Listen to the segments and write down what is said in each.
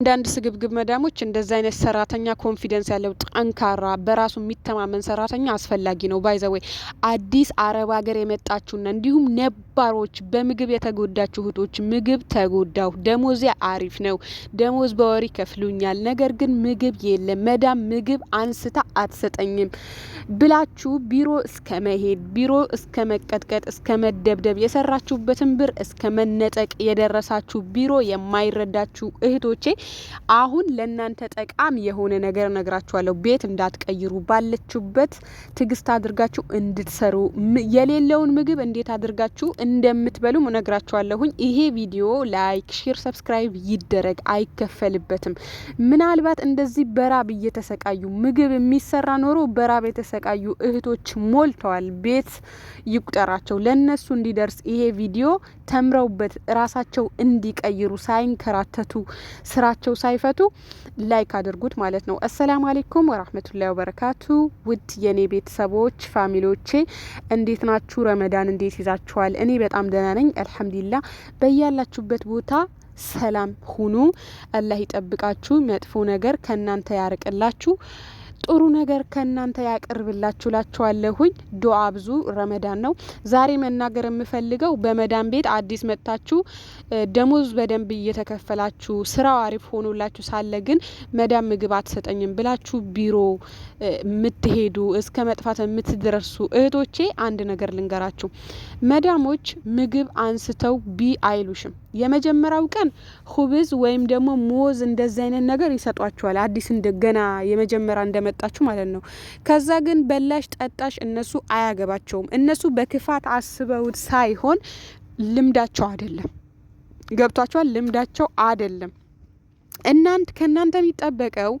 አንዳንድ ስግብግብ መዳሞች እንደዚ አይነት ሰራተኛ ኮንፊደንስ ያለው ጠንካራ በራሱ የሚተማመን ሰራተኛ አስፈላጊ ነው። ባይዘወይ አዲስ አረብ ሀገር የመጣችሁና እንዲሁም ነባሮች በምግብ የተጎዳችሁ እህቶች ምግብ ተጎዳሁ፣ ደሞዝ አሪፍ ነው፣ ደሞዝ በወር ይከፍሉኛል፣ ነገር ግን ምግብ የለም፣ መዳም ምግብ አንስታ አትሰጠኝም ብላችሁ ቢሮ እስከ መሄድ ቢሮ እስከ መቀጥቀጥ እስከ መደብደብ የሰራችሁበትን ብር እስከ መነጠቅ የደረሳችሁ ቢሮ የማይረዳችሁ እህቶቼ አሁን ለእናንተ ጠቃሚ የሆነ ነገር ነግራችኋለሁ። ቤት እንዳትቀይሩ፣ ባለችሁበት ትግስት አድርጋችሁ እንድትሰሩ፣ የሌለውን ምግብ እንዴት አድርጋችሁ እንደምትበሉም እነግራችኋለሁኝ። ይሄ ቪዲዮ ላይክ፣ ሼር፣ ሰብስክራይብ ይደረግ፣ አይከፈልበትም። ምናልባት እንደዚህ በራብ እየተሰቃዩ ምግብ የሚሰራ ኖሮ በራብ የተሰቃዩ እህቶች ሞልተዋል። ቤት ይቁጠራቸው። ለነሱ እንዲደርስ ይሄ ቪዲዮ ተምረውበት ራሳቸው እንዲቀይሩ ሳይንከራተቱ ስራ ችግራቸው ሳይፈቱ ላይክ አድርጉት ማለት ነው። አሰላሙ አሌይኩም ወራህመቱላሂ ወበረካቱ። ውድ የኔ ቤተሰቦች ፋሚሊዎቼ እንዴት ናችሁ? ረመዳን እንዴት ይዛችኋል? እኔ በጣም ደህና ነኝ አልሐምዱሊላ። በያላችሁበት ቦታ ሰላም ሁኑ። አላህ ይጠብቃችሁ፣ መጥፎ ነገር ከእናንተ ያርቅላችሁ። ጥሩ ነገር ከእናንተ ያቀርብላችሁ ላችኋለሁኝ። ዱአ ብዙ ረመዳን ነው። ዛሬ መናገር የምፈልገው በመዳን ቤት አዲስ መጥታችሁ ደሞዝ በደንብ እየተከፈላችሁ ስራው አሪፍ ሆኖላችሁ ሳለ ግን መዳን ምግብ አትሰጠኝም ብላችሁ ቢሮ የምትሄዱ እስከ መጥፋት የምትደርሱ እህቶቼ አንድ ነገር ልንገራችሁ። መዳሞች ምግብ አንስተው ቢ አይሉሽም። የመጀመሪያው ቀን ሁብዝ ወይም ደግሞ ሞዝ እንደዚህ አይነት ነገር ይሰጧቸዋል። አዲስ እንደገና የመጀመሪያ እንደመጣችሁ ማለት ነው። ከዛ ግን በላሽ ጠጣሽ እነሱ አያገባቸውም። እነሱ በክፋት አስበውት ሳይሆን ልምዳቸው አይደለም። ገብቷቸዋል። ልምዳቸው አይደለም። እናንት ከእናንተ የሚጠበቀው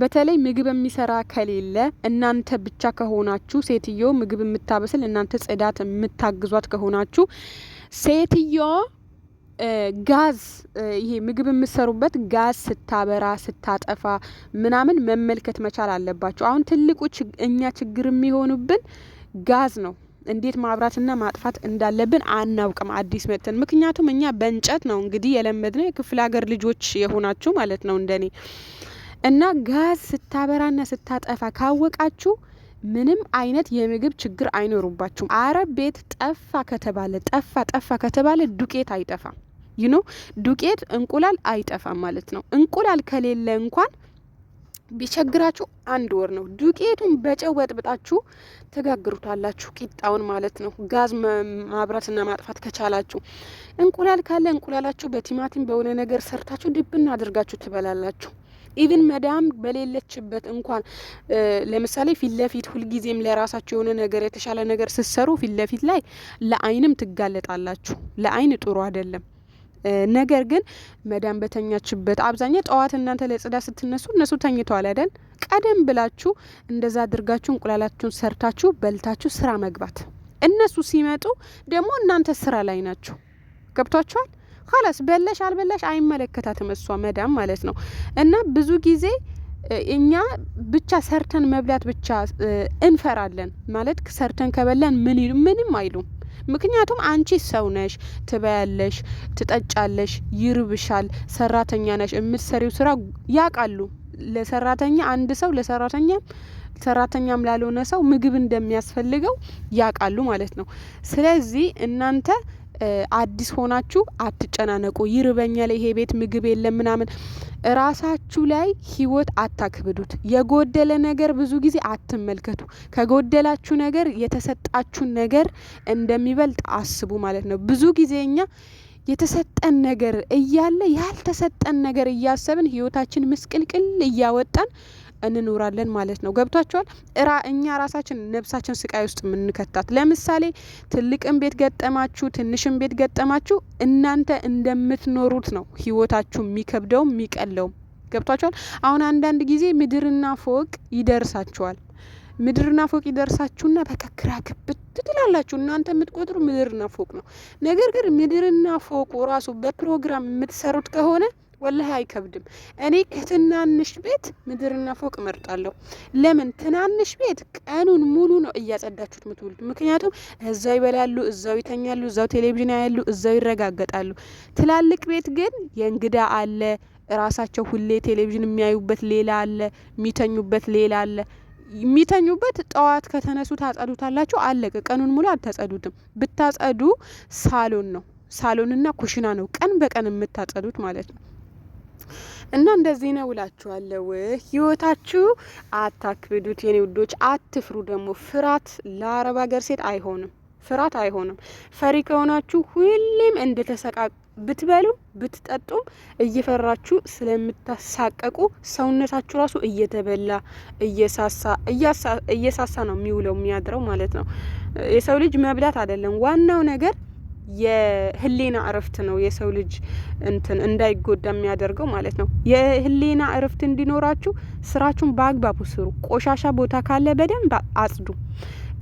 በተለይ ምግብ የሚሰራ ከሌለ እናንተ ብቻ ከሆናችሁ ሴትዮ ምግብ የምታበስል እናንተ ጽዳት የምታግዟት ከሆናችሁ ሴትዮ ጋዝ ይሄ ምግብ የምሰሩበት ጋዝ ስታበራ ስታጠፋ ምናምን መመልከት መቻል አለባቸው። አሁን ትልቁ እኛ ችግር የሚሆኑብን ጋዝ ነው። እንዴት ማብራትና ማጥፋት እንዳለብን አናውቅም፣ አዲስ መጥተን። ምክንያቱም እኛ በእንጨት ነው እንግዲህ የለመድነው የክፍለ ሀገር ልጆች የሆናችሁ ማለት ነው እንደኔ እና ጋዝ ስታበራና ስታጠፋ ካወቃችሁ ምንም አይነት የምግብ ችግር አይኖሩባችሁም። አረብ ቤት ጠፋ ከተባለ ጠፋ ጠፋ ከተባለ ዱቄት አይጠፋም። ይኖ ዱቄት፣ እንቁላል አይጠፋም ማለት ነው። እንቁላል ከሌለ እንኳን ቢቸግራችሁ አንድ ወር ነው። ዱቄቱን በጨው በጥብጣችሁ ትጋግሩታላችሁ፣ ቂጣውን ማለት ነው። ጋዝ ማብራትና ማጥፋት ከቻላችሁ፣ እንቁላል ካለ እንቁላላችሁ በቲማቲም በሆነ ነገር ሰርታችሁ ድብና አድርጋችሁ ትበላላችሁ። ኢቭን መዳም በሌለችበት እንኳን ለምሳሌ ፊት ለፊት ሁልጊዜም ለራሳችሁ የሆነ ነገር የተሻለ ነገር ስትሰሩ ፊት ለፊት ላይ ለአይንም ትጋለጣላችሁ። ለአይን ጥሩ አይደለም። ነገር ግን መዳም በተኛችበት አብዛኛው ጠዋት እናንተ ለጽዳ ስትነሱ እነሱ ተኝተዋል አይደል? ቀደም ብላችሁ እንደዛ አድርጋችሁ እንቁላላችሁን ሰርታችሁ በልታችሁ ስራ መግባት። እነሱ ሲመጡ ደግሞ እናንተ ስራ ላይ ናችሁ። ገብቷችኋል? ኋላስ በለሽ አልበላሽ አይመለከታትም እሷ መዳም ማለት ነው። እና ብዙ ጊዜ እኛ ብቻ ሰርተን መብላት ብቻ እንፈራለን ማለት ሰርተን ከበላን ምን ምንም አይሉም ምክንያቱም አንቺ ሰው ነሽ፣ ትበያለሽ፣ ትጠጫለሽ፣ ይርብሻል፣ ሰራተኛ ነሽ። የምትሰሪው ስራ ያውቃሉ። ለሰራተኛ አንድ ሰው ለሰራተኛ ሰራተኛም ላልሆነ ሰው ምግብ እንደሚያስፈልገው ያውቃሉ ማለት ነው። ስለዚህ እናንተ አዲስ ሆናችሁ አትጨናነቁ። ይርበኛል፣ ይሄ ቤት ምግብ የለም ምናምን ራሳችሁ ላይ ህይወት አታክብዱት። የጎደለ ነገር ብዙ ጊዜ አትመልከቱ። ከጎደላችሁ ነገር የተሰጣችሁን ነገር እንደሚበልጥ አስቡ ማለት ነው። ብዙ ጊዜ እኛ የተሰጠን ነገር እያለ ያልተሰጠን ነገር እያሰብን ህይወታችን ምስቅልቅል እያወጣን እንኖራለን ማለት ነው። ገብቷቸዋል። እራ እኛ ራሳችን ነብሳችን ስቃይ ውስጥ የምንከታት ለምሳሌ ትልቅም ቤት ገጠማችሁ፣ ትንሽም ቤት ገጠማችሁ፣ እናንተ እንደምትኖሩት ነው ህይወታችሁ የሚከብደውም የሚቀለውም። ገብቷቸዋል። አሁን አንዳንድ ጊዜ ምድርና ፎቅ ይደርሳችኋል ምድርና ፎቅ ይደርሳችሁና በከክራ ክብት ትላላችሁ። እናንተ የምትቆጥሩ ምድርና ፎቅ ነው። ነገር ግን ምድርና ፎቁ ራሱ በፕሮግራም የምትሰሩት ከሆነ ወላሂ አይከብድም። እኔ ከትናንሽ ቤት ምድርና ፎቅ እመርጣለሁ። ለምን ትናንሽ ቤት ቀኑን ሙሉ ነው እያጸዳችሁት ምትውሉት። ምክንያቱም እዛው ይበላሉ፣ እዛው ይተኛሉ፣ እዛው ቴሌቪዥን ያያሉ፣ እዛው ይረጋገጣሉ። ትላልቅ ቤት ግን የእንግዳ አለ፣ ራሳቸው ሁሌ ቴሌቪዥን የሚያዩበት ሌላ አለ፣ የሚተኙበት ሌላ አለ። የሚተኙበት ጠዋት ከተነሱ ታጸዱታላችሁ፣ አለቀ። ቀኑን ሙሉ አታጸዱትም። ብታጸዱ ሳሎን ነው ሳሎንና ኩሽና ነው ቀን በቀን የምታጸዱት ማለት ነው። እና እንደዚህ ነው እላችኋለሁ። ህይወታችሁ አታክብዱት የኔ ውዶች፣ አትፍሩ። ደግሞ ፍራት ለአረብ ሀገር ሴት አይሆንም፣ ፍራት አይሆንም። ፈሪ ከሆናችሁ ሁሌም እንደተሰቃ ብትበሉ ብትጠጡም እየፈራችሁ ስለምታሳቀቁ ሰውነታችሁ ራሱ እየተበላ እየሳሳ ነው የሚውለው የሚያድረው ማለት ነው። የሰው ልጅ መብላት አይደለም ዋናው ነገር የህሊና እረፍት ነው የሰው ልጅ እንትን እንዳይጎዳ የሚያደርገው ማለት ነው። የህሊና እረፍት እንዲኖራችሁ ስራችሁን በአግባቡ ስሩ። ቆሻሻ ቦታ ካለ በደንብ አጽዱ።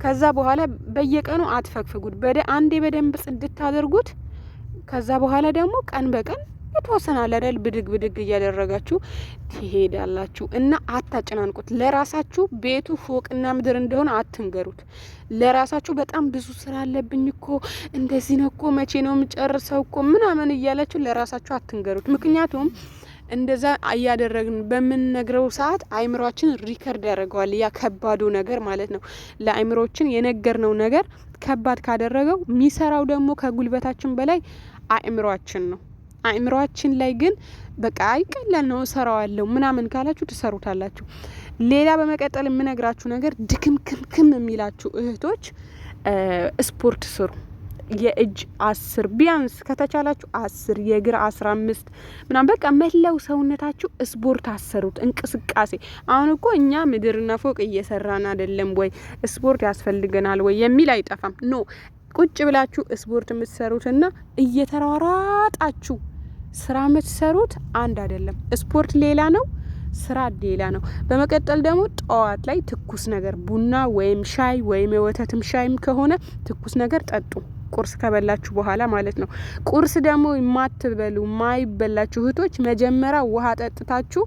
ከዛ በኋላ በየቀኑ አትፈግፍጉት። በደ አንዴ በደንብ ጽድት አድርጉት። ከዛ በኋላ ደግሞ ቀን በቀን የተወሰነ አይደል ብድግ ብድግ እያደረጋችሁ ትሄዳላችሁ። እና አታጨናንቁት። ለራሳችሁ ቤቱ ፎቅና ምድር እንደሆነ አትንገሩት። ለራሳችሁ በጣም ብዙ ስራ አለብኝ እኮ እንደዚህ ነው እኮ መቼ ነው የምጨርሰው እኮ ምናምን እያላችሁ ለራሳችሁ አትንገሩት። ምክንያቱም እንደዛ እያደረግን በምንነግረው ሰዓት አይምሯችን ሪከርድ ያደርገዋል። ያ ከባዱ ነገር ማለት ነው። ለአይምሮችን የነገርነው ነገር ከባድ ካደረገው የሚሰራው ደግሞ ከጉልበታችን በላይ አእምሯችን ነው። አእምሯችን ላይ ግን በቃ አይቀላል ነው እሰራዋለሁ ምናምን ካላችሁ ትሰሩታላችሁ። ሌላ በመቀጠል የምነግራችሁ ነገር ድክምክምክም የሚላችሁ እህቶች ስፖርት ስሩ። የእጅ አስር ቢያንስ ከተቻላችሁ አስር የእግር አስራ አምስት ምናምን በቃ መላው ሰውነታችሁ ስፖርት አሰሩት። እንቅስቃሴ አሁን እኮ እኛ ምድርና ፎቅ እየሰራን አይደለም ወይ ስፖርት ያስፈልገናል ወይ የሚል አይጠፋም። ኖ ቁጭ ብላችሁ ስፖርት የምትሰሩትና እየተሯሯጣችሁ ስራ የምትሰሩት አንድ አይደለም። ስፖርት ሌላ ነው፣ ስራ ሌላ ነው። በመቀጠል ደግሞ ጠዋት ላይ ትኩስ ነገር ቡና ወይም ሻይ ወይም የወተትም ሻይም ከሆነ ትኩስ ነገር ጠጡ። ቁርስ ከበላችሁ በኋላ ማለት ነው። ቁርስ ደግሞ የማትበሉ የማይበላችሁ እህቶች መጀመሪያ ውሃ ጠጥታችሁ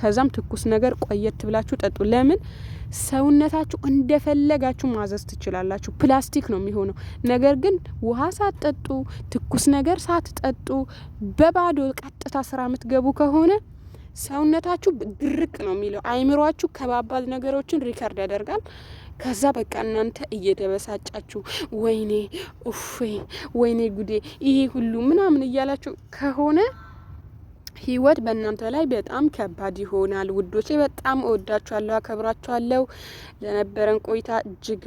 ከዛም ትኩስ ነገር ቆየት ብላችሁ ጠጡ። ለምን ሰውነታችሁ እንደፈለጋችሁ ማዘዝ ትችላላችሁ። ፕላስቲክ ነው የሚሆነው። ነገር ግን ውሃ ሳትጠጡ ትኩስ ነገር ሳትጠጡ በባዶ ቀጥታ ስራ የምትገቡ ከሆነ ሰውነታችሁ ድርቅ ነው የሚለው። አይምሯችሁ ከባባል ነገሮችን ሪከርድ ያደርጋል። ከዛ በቃ እናንተ እየደበሳጫችሁ ወይኔ ኡፌ፣ ወይኔ ጉዴ፣ ይሄ ሁሉ ምናምን እያላችሁ ከሆነ ህይወት በእናንተ ላይ በጣም ከባድ ይሆናል። ውዶቼ በጣም እወዳችኋለሁ፣ አከብራችኋለሁ። ለነበረን ቆይታ እጅግ